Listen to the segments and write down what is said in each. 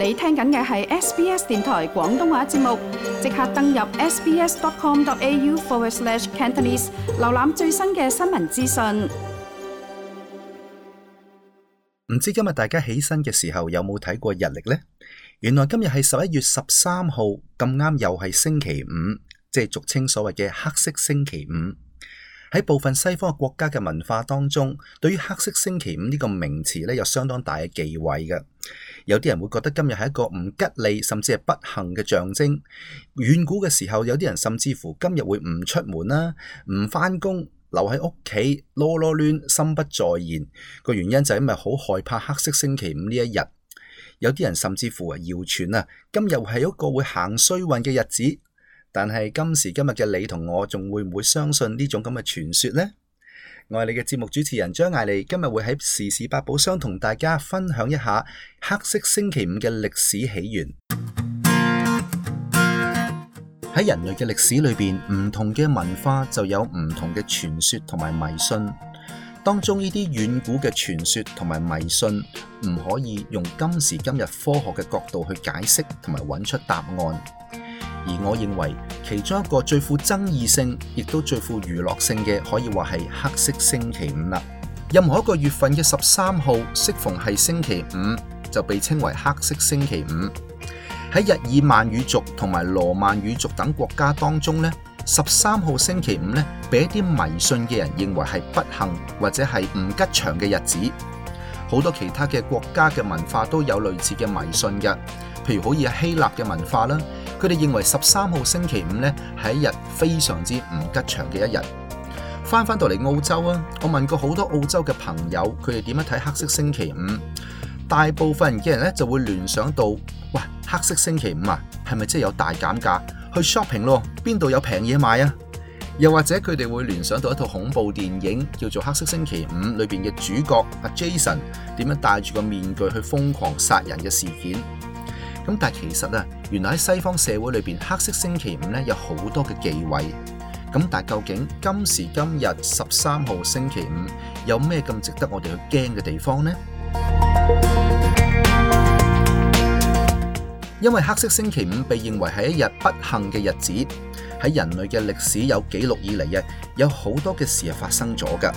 你聽緊嘅係 SBS 電台廣東話節目，即刻登入 sbs.com.au/cantonese 瀏覽最新嘅新聞資訊。唔知今日大家起身嘅時候有冇睇過日曆呢？原來今日係十一月十三號，咁啱又係星期五，即係俗稱所謂嘅黑色星期五。喺部分西方嘅國家嘅文化當中，對於黑色星期五呢個名詞咧有相當大嘅忌諱嘅。有啲人會覺得今日係一個唔吉利甚至係不幸嘅象徵。遠古嘅時候，有啲人甚至乎今日會唔出門啦，唔翻工，留喺屋企，囉囉攣，心不在焉。個原因就係因為好害怕黑色星期五呢一日。有啲人甚至乎係謠傳啊，今日係一個會行衰運嘅日子。但係今時今日嘅你同我，仲會唔會相信呢種咁嘅傳說呢？我係你嘅節目主持人張艾莉，今日會喺時事八寶箱同大家分享一下黑色星期五嘅歷史起源。喺人類嘅歷史裏邊，唔同嘅文化就有唔同嘅傳說同埋迷信。當中呢啲遠古嘅傳說同埋迷信，唔可以用今時今日科學嘅角度去解釋同埋揾出答案。而我認為其中一個最富爭議性，亦都最富娛樂性嘅，可以話係黑色星期五啦。任何一個月份嘅十三號，適逢係星期五，就被稱為黑色星期五。喺日耳曼語族同埋羅曼語族等國家當中咧，十三號星期五咧，俾一啲迷信嘅人認為係不幸或者係唔吉祥嘅日子。好多其他嘅國家嘅文化都有類似嘅迷信嘅，譬如好似希臘嘅文化啦。佢哋認為十三號星期五呢係一日非常之唔吉祥嘅一日。翻翻到嚟澳洲啊，我問過好多澳洲嘅朋友，佢哋點樣睇黑色星期五？大部分嘅人呢就會聯想到，哇，黑色星期五啊，係咪真係有大減價去 shopping 咯？邊度有平嘢買啊？又或者佢哋會聯想到一套恐怖電影叫做《黑色星期五》裏邊嘅主角阿 Jason 點樣戴住個面具去瘋狂殺人嘅事件。咁但其實啊，原來喺西方社會裏邊，黑色星期五咧有好多嘅忌諱。咁但究竟今時今日十三號星期五有咩咁值得我哋去驚嘅地方呢？因為黑色星期五被認為係一日不幸嘅日子，喺人類嘅歷史有記錄以嚟嘅有好多嘅事啊發生咗噶。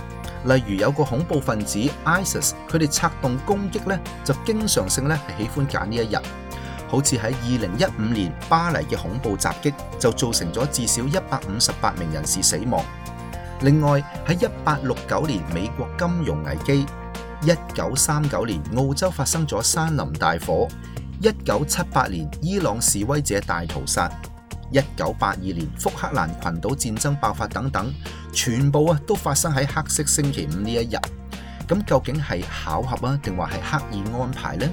例如有個恐怖分子 ISIS，佢哋策動攻擊咧就經常性咧係喜歡揀呢一日。好似喺二零一五年巴黎嘅恐怖襲擊就造成咗至少一百五十八名人士死亡。另外喺一八六九年美國金融危機、一九三九年澳洲發生咗山林大火、一九七八年伊朗示威者大屠殺、一九八二年福克蘭群島戰爭爆發等等，全部啊都發生喺黑色星期五呢一日。咁究竟係巧合啊，定話係刻意安排呢？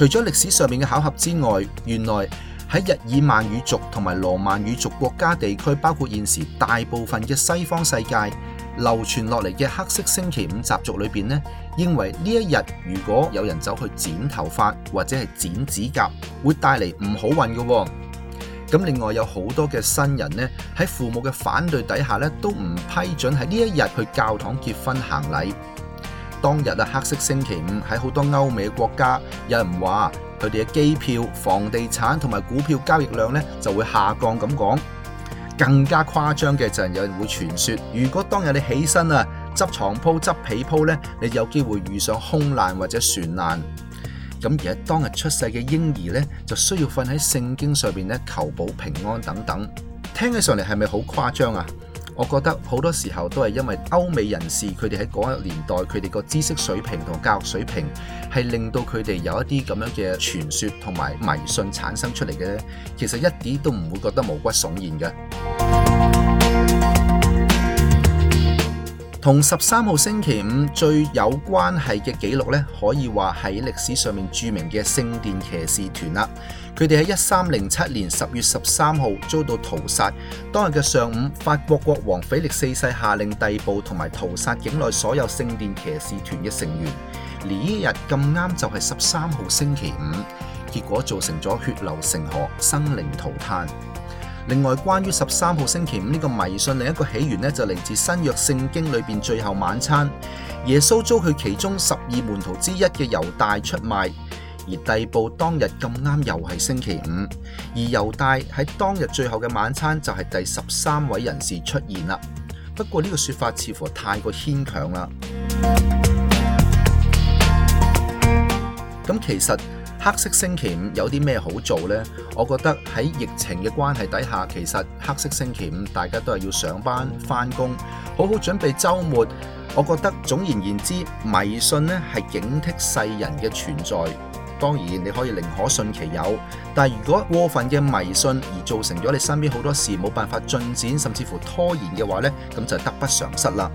除咗歷史上面嘅巧合之外，原來喺日耳曼語族同埋羅曼語族國家地區，包括現時大部分嘅西方世界，流傳落嚟嘅黑色星期五習俗裏邊呢，認為呢一日如果有人走去剪頭髮或者係剪指甲，會帶嚟唔好運嘅。咁另外有好多嘅新人呢，喺父母嘅反對底下呢，都唔批准喺呢一日去教堂結婚行禮。當日啊，黑色星期五喺好多歐美嘅國家，有人話佢哋嘅機票、房地產同埋股票交易量咧就會下降咁講。更加誇張嘅就係有人會傳說，如果當日你起身啊執床鋪、執被鋪咧，你有機會遇上空難或者船難。咁而當日出世嘅嬰兒咧，就需要瞓喺聖經上邊咧求保平安等等。聽起上嚟係咪好誇張啊？我覺得好多時候都係因為歐美人士佢哋喺嗰一年代，佢哋個知識水平同教育水平係令到佢哋有一啲咁樣嘅傳說同埋迷信產生出嚟嘅，呢其實一啲都唔會覺得毛骨悚然嘅。同十三號星期五最有關係嘅紀錄呢，可以話係歷史上面著名嘅聖殿騎士團啦。佢哋喺一三零七年十月十三號遭到屠殺。當日嘅上午，法國國王腓力四世下令逮捕同埋屠殺境內所有聖殿騎士團嘅成員。而呢一日咁啱就係十三號星期五，結果造成咗血流成河、生靈塗炭。另外，關於十三號星期五呢個迷信，另一個起源呢，就嚟自新約聖經裏邊最後晚餐，耶穌遭佢其中十二門徒之一嘅猶大出賣，而逮捕當日咁啱又係星期五，而猶大喺當日最後嘅晚餐就係第十三位人士出現啦。不過呢個說法似乎太過牽強啦。咁其實。黑色星期五有啲咩好做呢？我覺得喺疫情嘅關係底下，其實黑色星期五大家都係要上班翻工，好好準備週末。我覺得總言言之，迷信呢係警惕世人嘅存在。當然你可以寧可信其有，但如果過分嘅迷信而造成咗你身邊好多事冇辦法進展，甚至乎拖延嘅話呢，咁就得不償失啦。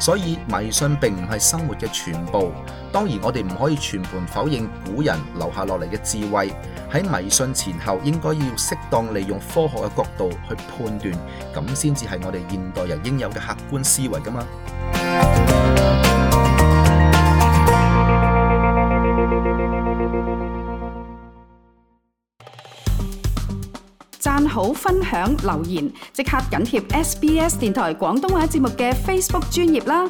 所以迷信並唔係生活嘅全部，當然我哋唔可以全盤否認古人留下落嚟嘅智慧。喺迷信前後，應該要適當利用科學嘅角度去判斷，咁先至係我哋現代人應有嘅客觀思維㗎嘛。讚好分享、留言，即刻緊貼 SBS 電台廣東話節目嘅 Facebook 專頁啦！